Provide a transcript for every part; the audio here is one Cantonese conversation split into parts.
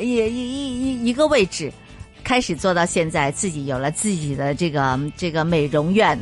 一一一一一個位置，開始做到現在，自己有了自己的這個這個美容院。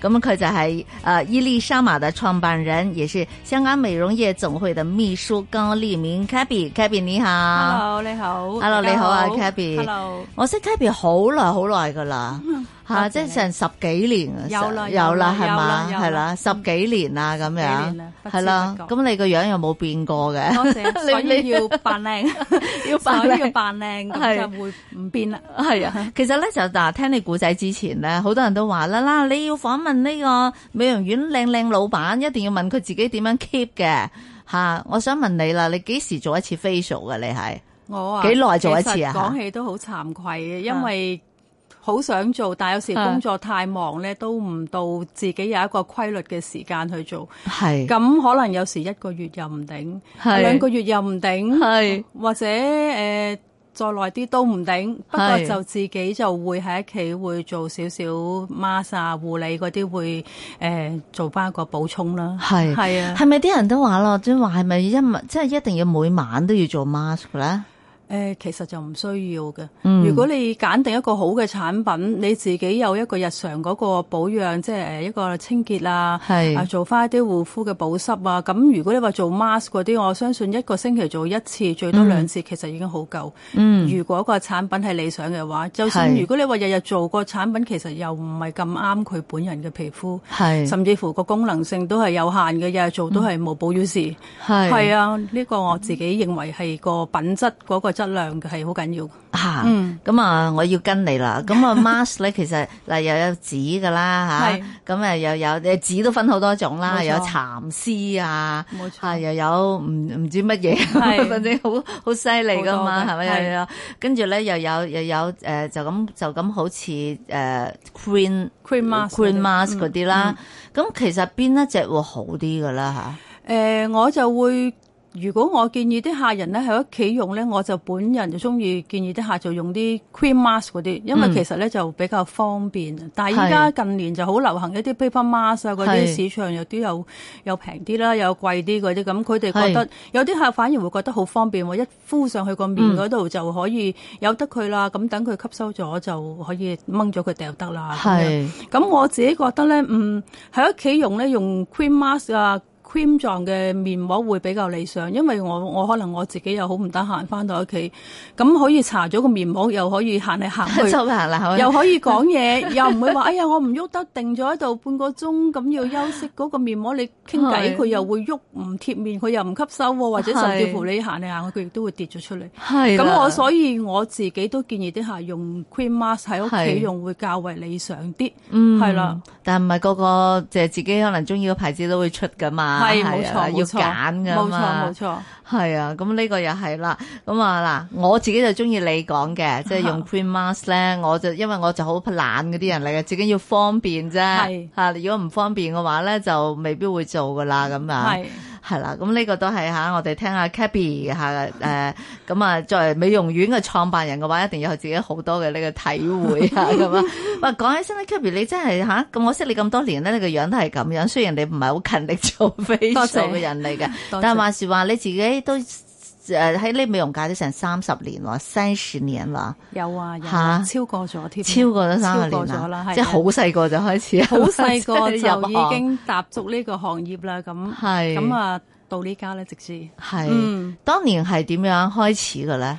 咁佢就係啊，伊麗莎瑪的創辦人，也是香港美容業總會的秘書高麗明。Cappy，Cappy 你好。Hello，你好。Hello，everyone。你好啊，Cappy。Hello，我識 Cappy 好耐好耐噶啦。嗯吓、啊，即係成十幾年，有啦，有啦，係嘛，係啦，十幾年啊咁樣，係啦，咁你個樣又冇變過嘅，謝謝 所以你要扮靚， 要扮靚， 要扮靚，咁 就會唔變啦。係啊， 啊，其實咧就嗱，聽你故仔之前咧，好多人都話啦啦，你要訪問呢個美容院靚靚老闆，一定要問佢自己點樣 keep 嘅吓。我想問你啦，你幾時做一次 facial 嘅？你係我啊？幾耐做一次啊？講起都好慚愧嘅，因為。好想做，但有時工作太忙咧，都唔到自己有一個規律嘅時間去做。咁可能有時一個月又唔頂，兩個月又唔頂，或者誒、呃、再耐啲都唔頂。不過就自己就會喺屋企會做少少 massage 護理嗰啲，會、呃、誒做翻一個補充啦。係係啊，係咪啲人都話咯，即係話係咪一即係一定要每晚都要做 massage 咧？誒、欸、其實就唔需要嘅。如果你揀定一個好嘅產品、嗯，你自己有一個日常嗰個保養，即係一個清潔啊，係啊，做翻一啲護膚嘅保濕啊。咁如果你話做 mask 嗰啲，我相信一個星期做一次，最多兩次，其實已經好夠、嗯。如果個產品係理想嘅話，就算如果你話日日做個產品，其實又唔係咁啱佢本人嘅皮膚，係甚至乎個功能性都係有限嘅，日日做都係冇補於事。係啊，呢、這個我自己認為係個品質嗰、那個。質量嘅係好緊要，吓、啊，咁啊，我要跟你啦 mask，啦，咁啊，mask 咧，其實嗱又有紙噶啦，吓，咁啊又有啲紙都分好多種啦，有蠶絲啊，係、啊、又有唔唔知乜嘢，反、啊啊、正好好犀利噶嘛，係咪啊？跟住咧又有又有誒、呃，就咁就咁好似誒，queen，queen mask，queen mask 嗰啲、嗯、啦，咁、嗯、其實邊一隻會好啲噶啦吓？誒、呃，我就會。如果我建議啲客人咧喺屋企用咧，我就本人就中意建議啲客就用啲 cream mask 嗰啲，因為其實咧就比較方便。嗯、但係依家近年就好流行一啲 paper mask 啊嗰啲，市場有啲有有平啲啦，有貴啲嗰啲。咁佢哋覺得有啲客反而會覺得好方便喎，一敷上去個面嗰度就可以有得佢啦。咁等佢吸收咗就可以掹咗佢掉得啦。係。咁我自己覺得咧，嗯，喺屋企用咧用 cream mask 啊。cream 狀嘅面膜會比較理想，因為我我可能我自己又好唔得閒翻到屋企，咁可以搽咗個面膜，又可以行嚟行去，啦， 又可以講嘢， 又唔會話哎呀我唔喐得，定咗喺度半個鐘咁要休息。嗰個面膜你傾偈佢又會喐唔貼面，佢又唔吸收喎，或者甚至乎你行嚟行去佢亦都會跌咗出嚟。係，咁我所以我自己都建議啲客用 cream mask 喺屋企用會較為理想啲，係啦、嗯。但係唔係個個即係自己可能中意嘅牌子都會出㗎嘛？係冇錯，要揀噶嘛，係啊。咁呢個又係啦。咁啊嗱，我自己就中意你講嘅、嗯，即係用 Queen Mask 咧。我就因為我就好懶嗰啲人嚟嘅，自己要方便啫。吓、啊，如果唔方便嘅話咧，就未必會做噶啦。咁啊。係啦，咁呢個都係吓，我哋聽下 Kaby 吓，誒、啊，咁啊，作為美容院嘅創辦人嘅話，一定要有自己好多嘅呢個體會吓咁啊。喂、啊，講起身咧，Kaby，你真係吓，咁、啊、我識你咁多年咧，你個樣都係咁樣，雖然你唔係好勤力做 face 嘅人嚟嘅，但係話時話你自己都。誒喺呢美容界都成三十年喎，三十年喎有啊有啊,啊，超過咗添，超過咗三十年啦，即係好細個就是、開始，好細個就已經踏足呢個行業啦。咁係咁啊，到呢家咧，直至係、嗯，當年係點樣開始嘅咧？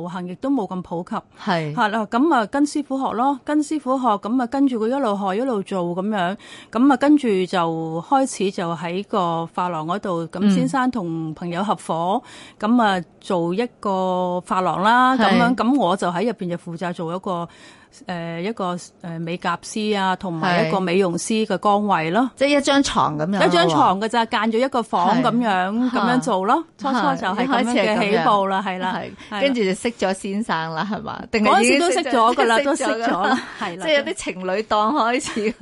流行亦都冇咁普及，係係啦，咁啊跟師傅學咯，跟師傅學，咁啊跟住佢一路學一路做咁樣，咁啊跟住就開始就喺個髮廊嗰度，咁先生同、嗯、朋友合伙，咁啊做一個髮廊啦，咁樣，咁我就喺入邊就負責做一個。誒、呃、一個誒美甲師啊，同埋一個美容師嘅崗位咯，即係、就是、一張床咁樣，一張床嘅咋，間咗一個房咁樣咁樣做咯。初初就係開始嘅起步啦，係啦，係。跟住就識咗先生啦，係嘛？嗰陣時都識咗㗎啦，都識咗啦，係即係有啲情侶檔開始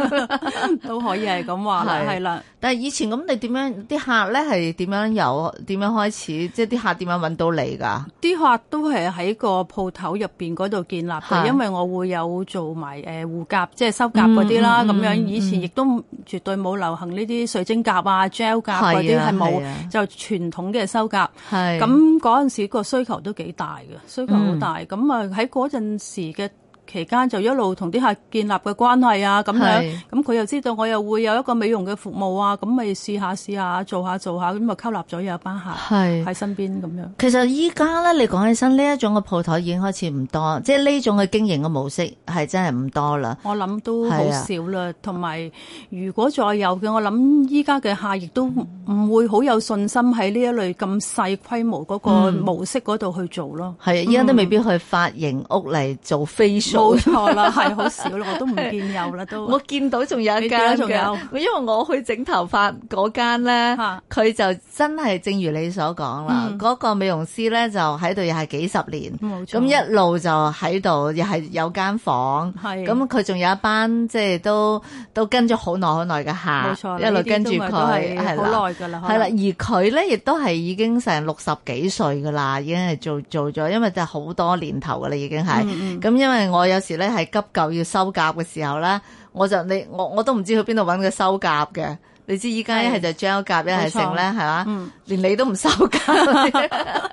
都可以係咁話係啦。但係以前咁，你點樣啲客咧係點樣有點樣開始？即係啲客點樣揾到你㗎？啲客都係喺個鋪頭入邊嗰度建立嘅，因為我會有。有做埋誒、呃、護甲，即係修甲嗰啲啦，咁、嗯、樣、嗯、以前亦都絕對冇流行呢啲水晶甲啊、嗯、gel 甲嗰啲係冇，就傳統嘅修甲。係咁嗰陣時個需求都幾大嘅，需求好大。咁啊喺嗰陣時嘅。期間就一路同啲客建立嘅關係啊，咁樣咁佢又知道我又會有一個美容嘅服務啊，咁咪試下試下做下做下咁咪吸納咗有一班客喺身邊咁樣。其實依家咧，你講起身呢一種嘅鋪頭已經開始唔多，即係呢種嘅經營嘅模式係真係唔多啦。我諗都好少啦，同埋、啊、如果再有嘅，我諗依家嘅客亦都唔會好有信心喺呢一類咁細規模嗰個模式嗰度去做咯。係啊，依家都未必去髮型屋嚟做 facial、嗯。嗯冇 錯啦，係好少啦，我都唔見有啦都。我見到仲有一間，仲有，因為我去整頭髮嗰間呢，佢就真係正如你所講啦，嗰、嗯嗰個美容師咧就喺度又係幾十年，冇錯。咁一路就喺度又係有間房，咁佢仲有一班即係都都跟咗好耐好耐嘅客，一路跟住佢係好耐噶啦，係啦，而佢咧亦都係已經成六十幾歲噶啦，已經係做做咗，因為就係好多年頭噶啦已經係，咁、嗯嗯、因為我。有時咧係急救要收夾嘅時候咧，我就你我我都唔知去邊度搵佢收夾嘅。你知依家一係就將甲一係成咧，係嘛、啊嗯？連你都唔收甲係 啊，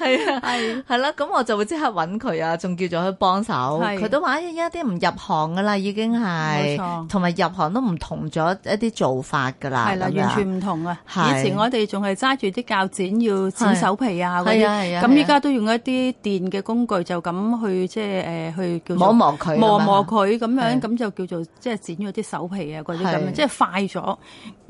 係係啦。咁、啊啊啊、我就會即刻揾佢啊，仲叫做去幫手。佢都話：，一啲唔入行噶啦，已經係，同埋入行都唔同咗一啲做法噶啦，係啦、啊，完全唔同啊。以前我哋仲係揸住啲鉸剪要剪手皮啊，嗰啊。咁、啊。依家、啊啊、都用一啲電嘅工具就，就咁去即係誒去叫磨磨佢，磨磨佢咁樣，咁、啊、就叫做即係、就是、剪咗啲手皮啊嗰啲咁樣，即係快咗。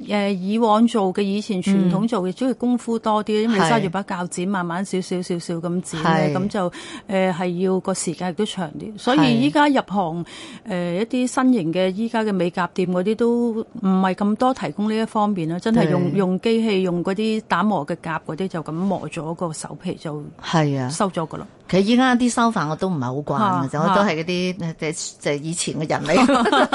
誒、呃，以往做嘅以前傳統做嘅，主、嗯、要功夫多啲，因為揸住把鉸剪，慢慢少少少少咁剪咧，咁就誒係、呃、要個時間亦都長啲。所以依家入行誒、呃、一啲新型嘅，依家嘅美甲店嗰啲都唔係咁多提供呢一方面啦。真係用用機器，用嗰啲打磨嘅甲嗰啲，就咁磨咗個手皮就係啊，收咗噶啦。其實依家啲收飯我都唔係好慣嘅、啊啊，就我都係嗰啲即係以前嘅人嚟，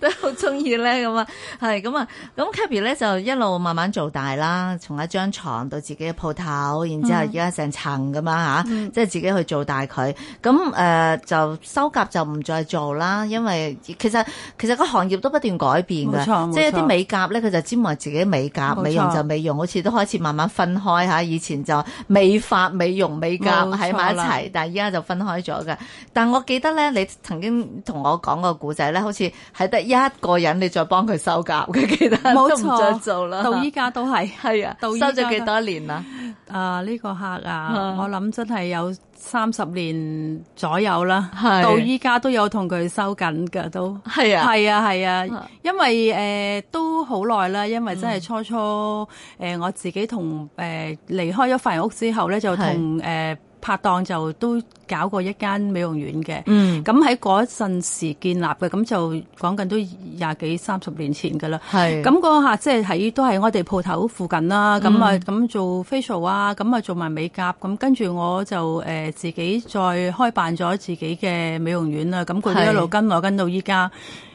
都好中意咧咁啊，係咁啊，咁 Kaby 咧就一路慢慢做大啦，從一張床到自己嘅鋪頭，然之後而家成層咁、嗯、啊嚇，即、就、係、是、自己去做大佢。咁誒、呃、就修甲就唔再做啦，因為其實其實個行業都不斷改變嘅，即係啲美甲咧佢就專門自己美甲，美容就美容，好似都開始慢慢分開嚇。以前就美髮、美容、嗯、美甲係咪係，但係依家就分開咗㗎。但我記得咧，你曾經同我講個古仔咧，好似係得一個人，你再幫佢收甲嘅。記得冇錯，做啦。到依家都係，係啊。到收咗幾多年啦？啊，呢、呢個客啊，我諗真係有三十年左右啦。到依家都有同佢收緊㗎，都係啊，係啊，係啊，因為誒、呃、都好耐啦。因為真係初初誒、嗯呃、我自己同誒離開咗髮型屋之後咧，就同誒。拍檔就都搞過一間美容院嘅，咁喺嗰陣時建立嘅，咁就講緊都廿幾三十年前㗎啦。咁、嗰下即係喺都係我哋鋪頭附近啦，咁、嗯、啊咁做 facial 啊，咁啊做埋美甲，咁、啊、跟住我就誒、呃、自己再開辦咗自己嘅美容院啦。咁佢一路跟我跟到依家。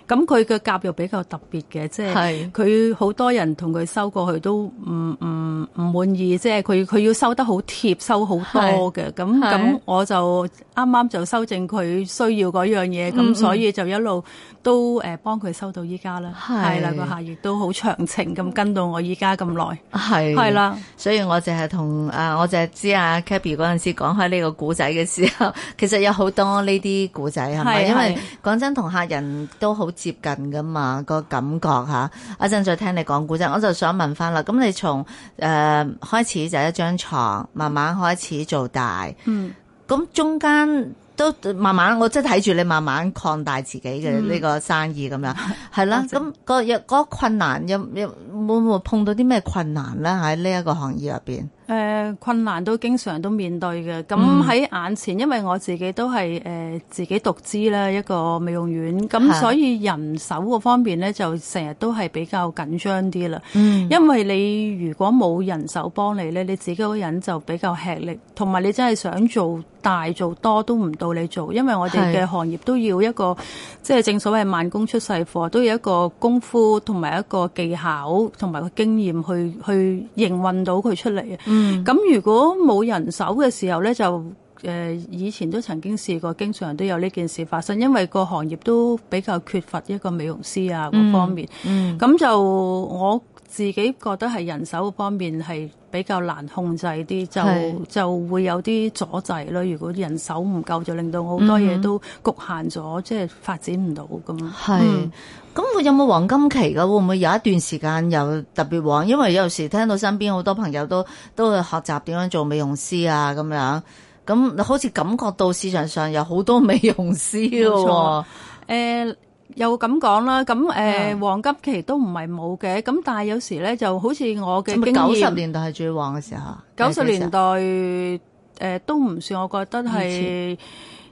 咁佢嘅甲又比較特別嘅，即係佢好多人同佢收過去都唔唔唔滿意，即係佢佢要收得好貼，收好多嘅。咁咁我就啱啱就修正佢需要嗰樣嘢，咁、嗯、所以就一路都誒幫佢收到依家啦。係啦，個客亦都好長情，咁跟到我依家咁耐。係係啦，所以我淨係同啊，我就係知啊，Kaby 嗰陣時講開呢個古仔嘅時候，其實有好多呢啲古仔係咪？因為講真，同客人都好，接近噶嘛，個感覺嚇。我陣再聽你講古仔，我就想問翻啦。咁你從誒、呃、開始就一張床，慢慢開始做大。嗯。咁中間都慢慢，我即係睇住你慢慢擴大自己嘅呢個生意咁、嗯、樣，係啦。咁、嗯嗰個有、嗰個、困難有有冇碰到啲咩困難咧喺呢一個行業入面？誒、呃、困難都經常都面對嘅，咁喺眼前、嗯，因為我自己都係誒、呃、自己獨知啦一個美容院，咁所以人手個方面咧就成日都係比較緊張啲啦、嗯。因為你如果冇人手幫你咧，你自己個人就比較吃力，同埋你真係想做大做多都唔到你做，因為我哋嘅行業都要一個即係正所謂慢工出細貨，都要一個功夫同埋一個技巧同埋個經驗去去營運到佢出嚟。嗯咁、嗯、如果冇人手嘅時候呢，就誒、呃、以前都曾經試過，經常都有呢件事發生，因為個行業都比較缺乏一個美容師啊嗰方面。咁、嗯嗯、就我自己覺得係人手嗰方面係。比較難控制啲，就就會有啲阻滯咯。如果人手唔夠，就令到好多嘢都局限咗、嗯嗯，即係發展唔到咁樣係，咁、嗯、會有冇黃金期噶？會唔會有一段時間又特別旺？因為有時聽到身邊好多朋友都都去學習點樣做美容師啊，咁樣咁好似感覺到市場上有好多美容師咯。誒。又咁講啦，咁誒、欸、黃金期都唔係冇嘅，咁但係有時咧就好似我嘅經驗，九十年代係最旺嘅時候。九十年代誒都唔算，我覺得係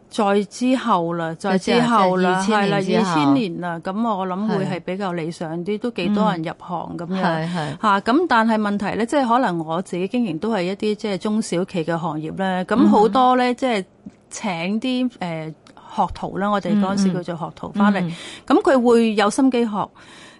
再之後啦，再之後啦，係啦，二千年啦，咁我諗會係比較理想啲，都幾多人入行咁樣，係係吓，咁、嗯啊、但係問題咧，即係可能我自己經營都係一啲即係中小企嘅行業咧，咁、嗯、好多咧即係請啲誒。呃學徒啦，我哋嗰陣時叫做學徒翻嚟，咁、嗯、佢、嗯、會有心機學，咁、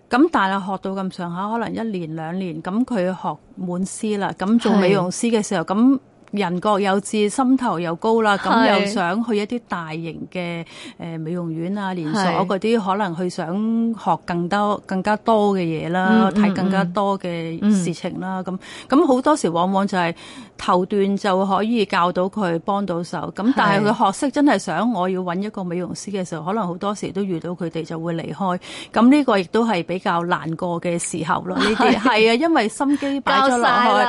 嗯、但係學到咁上下，可能一年兩年，咁佢學滿師啦，咁做美容師嘅時候咁。人各有志，心頭又高啦，咁又想去一啲大型嘅誒美容院啊、連鎖嗰啲，可能佢想學更多、更加多嘅嘢啦，睇更加多嘅事情啦，咁咁好多時往往就係頭段就可以教到佢幫到手，咁但係佢學識真係想我要揾一個美容師嘅時候，可能好多時都遇到佢哋就會離開，咁呢個亦都係比較難過嘅時候咯。呢啲係啊，因為心機擺咗落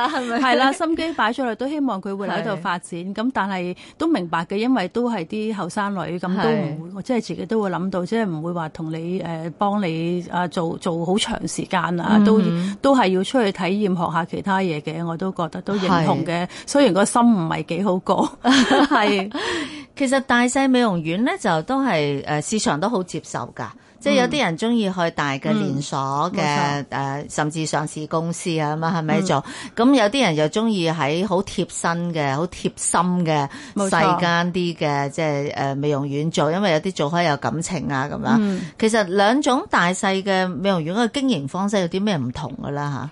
去，係咪？係啦，心機擺咗落去都希望佢。佢會喺度發展，咁但係都明白嘅，因為都係啲後生女，咁都唔會，即係自己都會諗到，即係唔會話同你誒幫你啊做做好長時間啊、嗯，都都係要出去體驗學下其他嘢嘅，我都覺得都認同嘅。雖然個心唔係幾好過，係 其實大細美容院咧就都係誒市場都好接受㗎。嗯、即係有啲人中意去大嘅連鎖嘅誒，甚至上市公司啊咁係咪做？咁、嗯、有啲人又中意喺好貼身嘅、好貼心嘅細間啲嘅，即係誒美容院做，因為有啲做開有感情啊咁樣，嗯，其實兩種大細嘅美容院嘅經營方式有啲咩唔同噶啦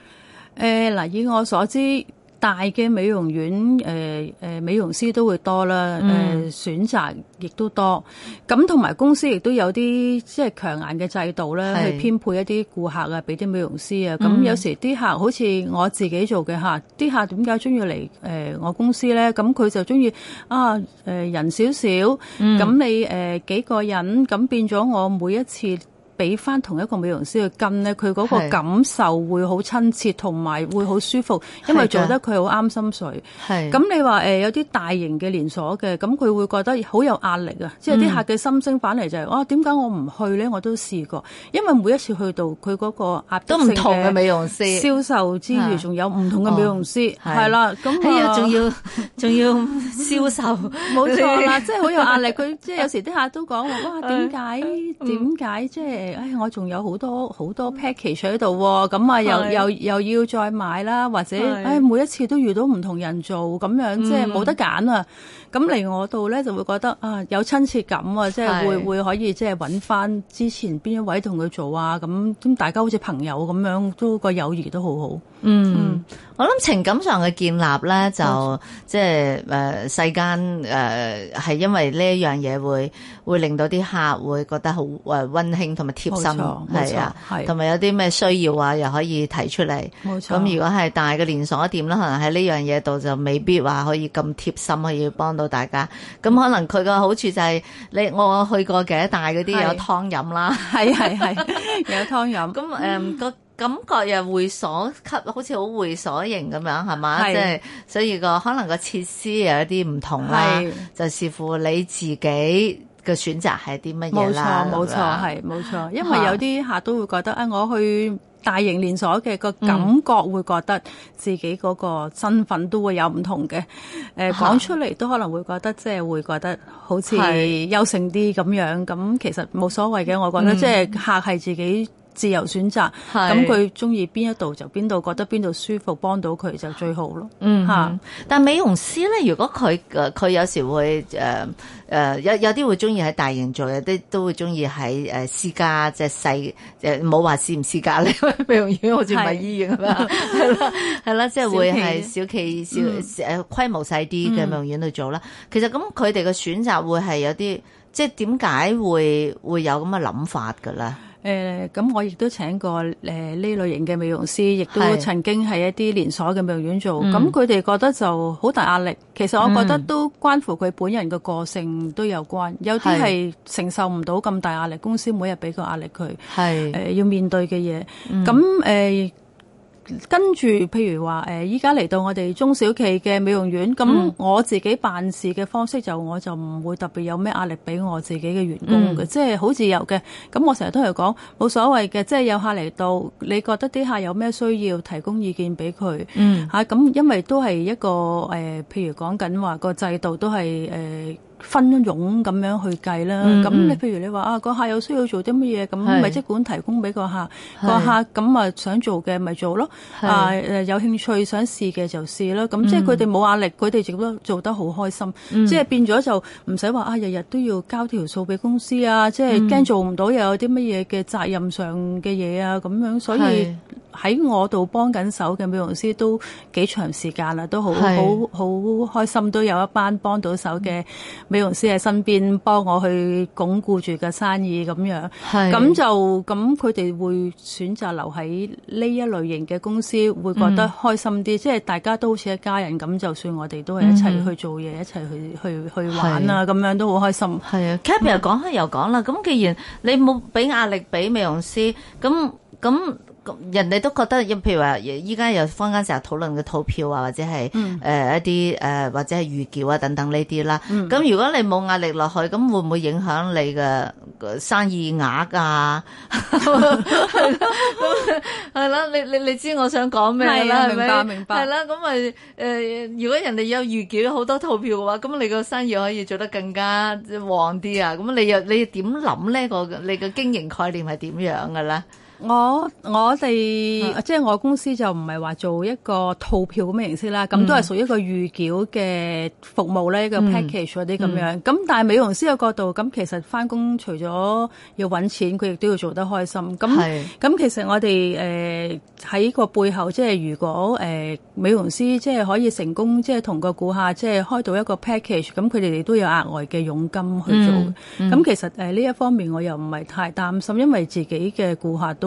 吓？誒，嗱，以我所知。大嘅美容院，誒、呃呃、美容師都會多啦，誒、呃、選擇亦都多。咁同埋公司亦都有啲即係強硬嘅制度咧，去編配一啲顧客啊，俾啲美容師啊。咁、嗯、有時啲客好似我自己做嘅客啲客點解中意嚟誒我公司咧？咁佢就中意啊、呃、人少少，咁、嗯、你誒、呃、幾個人，咁變咗我每一次。俾翻同一個美容師去跟咧，佢嗰個感受會好親切，同埋會好舒服，因為做得佢好啱心水。咁，你話、呃、有啲大型嘅連鎖嘅，咁佢會覺得好有壓力啊、嗯！即係啲客嘅心聲反嚟就係、是：哇、啊，點解我唔去咧？我都試過，因為每一次去到佢嗰個壓都唔同嘅美容師銷售之餘，之餘，仲有唔同嘅美容師係啦。咁啊，仲、哦嗯、要仲要銷售，冇 錯啦，即係好有壓力。佢即係有時啲客都講話：哇、啊，點解點解即係？嗯誒、哎，我仲有好多好多 package 喺度，咁啊，又又又要再買啦，或者誒、哎、每一次都遇到唔同人做，咁樣、嗯、即係冇得揀啊！咁嚟我度咧，就會覺得啊，有親切感啊，即係會會可以即係揾返之前邊一位同佢做啊，咁咁大家好似朋友咁樣，都個友誼都好好。嗯，嗯，我諗情感上嘅建立咧，嗯，就即係誒世間誒係因為呢一樣嘢會會令到啲客會覺得好誒温馨同埋貼心，係啊，係同埋有啲咩需要啊，又可以提出嚟。冇錯，咁如果係大嘅連鎖店啦，可能喺呢樣嘢度就未必話可以咁貼心可以幫到大家。咁可能佢個好處就係、是、你我去過嘅大嗰啲有湯飲啦，係係係有湯飲。咁誒、um, 嗯感覺又會所，好似好會所型咁樣，係嘛？即係所以個可能個設施有一啲唔同啦，就視乎你自己嘅選擇係啲乜嘢啦。冇錯，冇錯，係冇錯。因為有啲客都會覺得，啊我去大型連鎖嘅個感覺、嗯、會覺得自己嗰個身份都會有唔同嘅。誒、嗯，講出嚟都可能會覺得，即係會覺得好似係優勝啲咁樣。咁其實冇所謂嘅，我覺得、嗯、即係客係自己。自由選擇，咁佢中意邊一度就邊度，覺得邊度舒服，幫到佢就最好咯、嗯嗯。嗯，但美容師咧，如果佢佢有時會誒、呃、有有啲會中意喺大型做，有啲都會中意喺私家即細唔好話私唔私家咧。 美容院好似唔係醫院咁。係啦，係啦，即係 對了、 就是、會係小企小誒、嗯、規模細啲嘅美容院去做啦、嗯。其實咁佢哋嘅選擇會係有啲，即係點解會會有咁嘅諗法㗎啦。誒、呃，咁我亦都請過誒呢、呃、類型嘅美容師，亦都曾經係一啲連鎖嘅美容院做，咁佢哋覺得就好大壓力、嗯。其實我覺得都關乎佢本人嘅個性都有關，有啲係承受唔到咁大壓力，公司每日俾個壓力佢，係誒、呃、要面對嘅嘢，咁、嗯、誒。跟住，譬如話誒，依家嚟到我哋中小企嘅美容院，咁、嗯、我自己辦事嘅方式就我就唔會特別有咩壓力俾我自己嘅員工嘅，即係好自由嘅。咁我成日都係講冇所謂嘅，即係有客嚟到，你覺得啲客有咩需要，提供意見俾佢。嚇、嗯、咁，啊、因為都係一個誒、呃，譬如講緊話個制度都係誒。呃分傭咁樣去計啦，咁你譬如你話啊，個客有需要做啲乜嘢，咁咪即管提供俾個客，個客咁啊想做嘅咪做咯，啊誒有興趣想試嘅就試咯，咁即係佢哋冇壓力，佢哋亦都做得好開心，即係變咗就唔使話啊日日都要交條數俾公司啊，即係驚做唔到又有啲乜嘢嘅責任上嘅嘢啊咁樣，所以。喺我度幫緊手嘅美容師都幾長時間啦，都好好好開心，都有一班幫到手嘅美容師，喺身邊幫我去鞏固住嘅生意咁樣。係咁就咁，佢哋會選擇留喺呢一類型嘅公司，會覺得開心啲、嗯。即係大家都好似一家人咁，就算我哋都係一齊去做嘢、嗯，一齊去去去玩啦，咁樣都好開心。係啊 k a t b y 講開又講啦。咁既然你冇俾壓力俾美容師，咁咁。人哋都覺得，因譬如話，依家有坊間成日討論嘅套票啊，或者係誒一啲誒、嗯呃，或者係預繳啊等等呢啲啦。咁、嗯、如果你冇壓力落去，咁會唔會影響你嘅生意額啊？係 咯， 你你你知我想講咩啦？係咪？明白明白。係啦，咁咪誒，如果人哋有預繳好多套票嘅話，咁你個生意可以做得更加旺啲啊？咁你又你點諗呢個你嘅經營概念係點樣嘅咧？我我哋、啊、即係我公司就唔係話做一個套票咁嘅形式啦，咁、嗯、都係屬於一個預繳嘅服務咧、嗯、個 package 嗰啲咁樣。咁、嗯、但係美容師嘅角度，咁其實翻工，除咗要搵錢，佢亦都要做得開心。咁咁其實我哋誒喺個背後，即係如果誒、呃、美容師即係可以成功即係同個顧客即係開到一個 package，咁佢哋亦都有額外嘅佣金去做。咁、嗯嗯、其實誒呢、呃、一方面我又唔係太擔心，因為自己嘅顧客都。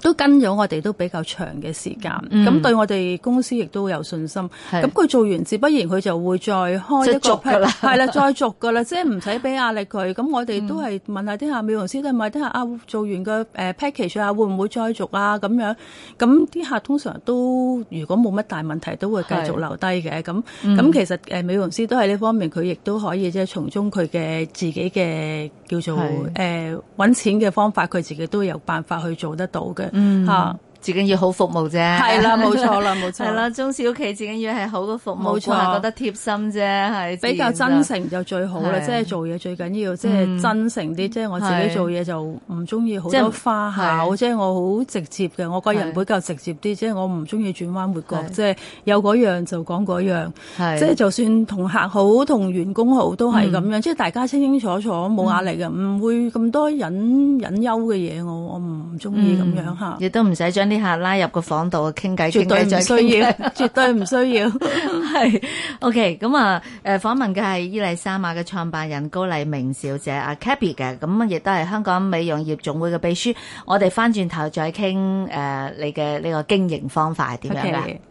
都跟咗我哋都比較長嘅時間，咁、嗯、對我哋公司亦都有信心。咁佢做完，自不然佢就會再開一個 package，係啦，再續噶啦，即係唔使俾壓力佢。咁我哋都係問下啲客美容師，問下啲客啊，做完個 package 啊，會唔會再續啊？咁樣咁啲客通常都如果冇乜大問題，都會繼續留低嘅。咁咁、嗯、其實誒美容師都喺呢方面，佢亦都可以即係從中佢嘅自己嘅叫做誒揾、呃、錢嘅方法，佢自己都有辦法去做得到。嗯，好。最緊要好服務啫，係啦，冇錯啦，冇錯。係啦，中小企最緊要係好個服務，冇錯，覺得貼心啫，係比較真誠就最好啦。即係、就是、做嘢最緊要，即、嗯、係、就是、真誠啲。即係、就是、我自己做嘢就唔中意好多花巧，即係、就是、我好直接嘅。我個人比較直接啲，即係、就是、我唔中意轉彎抹角，即係、就是、有嗰樣就講嗰樣，即係、就是、就算同客好，同員工好都係咁樣，即、嗯、係、就是、大家清清楚楚，冇壓力嘅，唔、嗯、會咁多隱隱憂嘅嘢，我我唔中意咁樣吓、嗯。亦都唔使將啲。拉入個房度傾偈，絕對唔需要，絕對唔需要。係 ，OK，咁、嗯、啊，誒，訪問嘅係伊麗莎瑪嘅創辦人高麗明小姐啊 Cathy 嘅，咁亦都係香港美容業總會嘅秘書。我哋翻轉頭再傾，誒、呃，你嘅呢個經營方法係點樣咧？Okay.